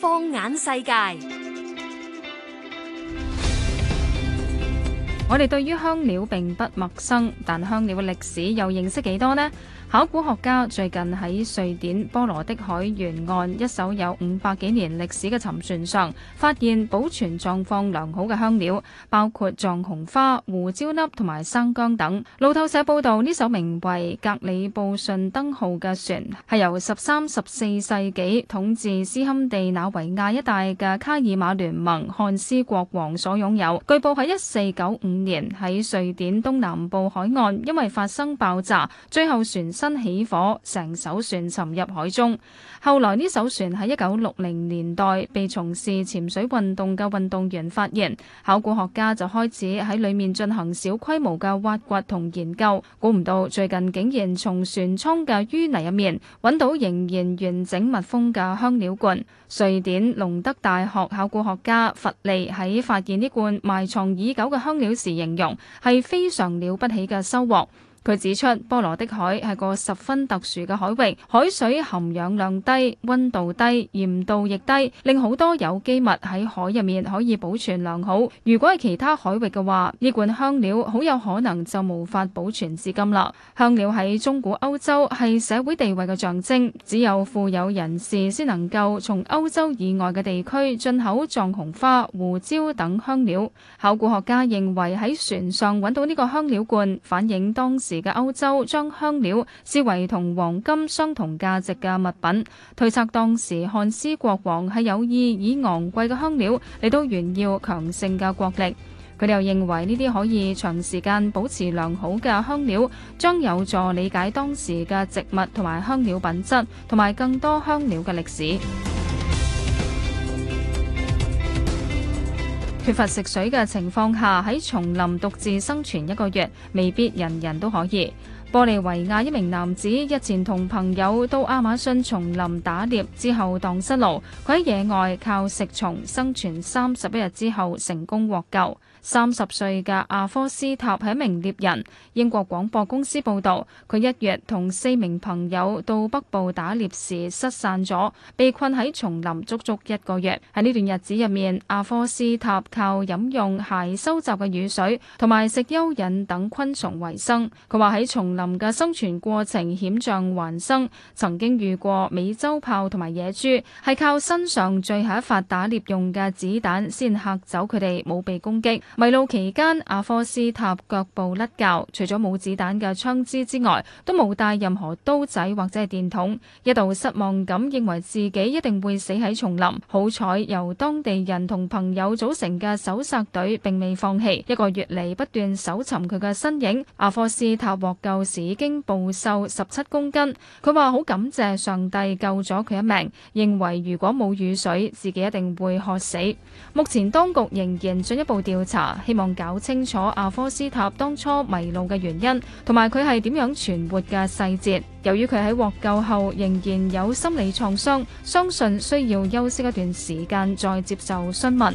放眼世界，我哋對於香料並不陌生，但香料嘅歷史又認識幾多呢？考古學家最近喺瑞典波羅的海沿岸一艘有五百幾年歷史嘅沉船上，發現保存狀況良好嘅香料，包括藏紅花、胡椒粒同埋生姜等。路透社報道，呢艘名為格里布順登號嘅船，係由十三、十四世紀統治斯堪地那維亞一帶嘅卡爾馬聯盟漢斯國王所擁有。據報喺一四九五年喺瑞典東南部海岸，因為發生爆炸，最後船新起火，成艘船沉入海中。後來呢艘船喺一九六零年代被從事潛水運動嘅運動員發現，考古學家就開始喺裏面進行小規模嘅挖掘同研究。估唔到最近竟然從船艙嘅淤泥入面揾到仍然完整密封嘅香料罐。瑞典隆德大學考古學家弗利喺發現呢罐埋藏已久嘅香料時形容係非常了不起嘅收穫。佢指出，波羅的海係個十分特殊嘅海域，海水含氧量低、溫度低、鹽度亦低，令好多有機物喺海入面可以保存良好。如果係其他海域嘅話，呢罐香料好有可能就無法保存至今啦。香料喺中古歐洲係社會地位嘅象徵，只有富有人士先能夠從歐洲以外嘅地區進口藏紅花、胡椒等香料。考古學家認為喺船上揾到呢個香料罐，反映當時。時嘅歐洲將香料視為同黃金相同價值嘅物品，推測當時漢斯國王係有意以昂貴嘅香料嚟到炫耀強盛嘅國力。佢哋又認為呢啲可以長時間保持良好嘅香料，將有助理解當時嘅植物同埋香料品質，同埋更多香料嘅歷史。缺乏食水嘅情況下，喺叢林獨自生存一個月，未必人人都可以。玻利維亞一名男子日前同朋友到亞馬遜叢林打獵，之後蕩失路，佢喺野外靠食蟲生存三十一日之後成功獲救。三十歲嘅阿科斯塔係一名獵人。英國廣播公司報導，佢一月同四名朋友到北部打獵時失散咗，被困喺叢林足足一個月。喺呢段日子入面，阿科斯塔靠飲用鞋收集嘅雨水同埋食蚯蚓等昆蟲為生。佢話喺叢林。林嘅生存過程險象環生，曾經遇過美洲豹同埋野豬，係靠身上最後一發打獵用嘅子彈先嚇走佢哋，冇被攻擊。迷路期間，阿科斯塔腳部甩骹，除咗冇子彈嘅槍支之外，都冇帶任何刀仔或者電筒，一度失望咁認為自己一定會死喺叢林。好彩，由當地人同朋友組成嘅搜尋隊並未放棄，一個月嚟不斷搜尋佢嘅身影。阿科斯塔獲救。已經暴瘦十七公斤，佢話好感謝上帝救咗佢一命，認為如果冇雨水，自己一定會渴死。目前當局仍然進一步調查，希望搞清楚阿科斯塔當初迷路嘅原因，同埋佢係點樣存活嘅細節。由於佢喺獲救後仍然有心理創傷，相信需要休息一段時間再接受詢問。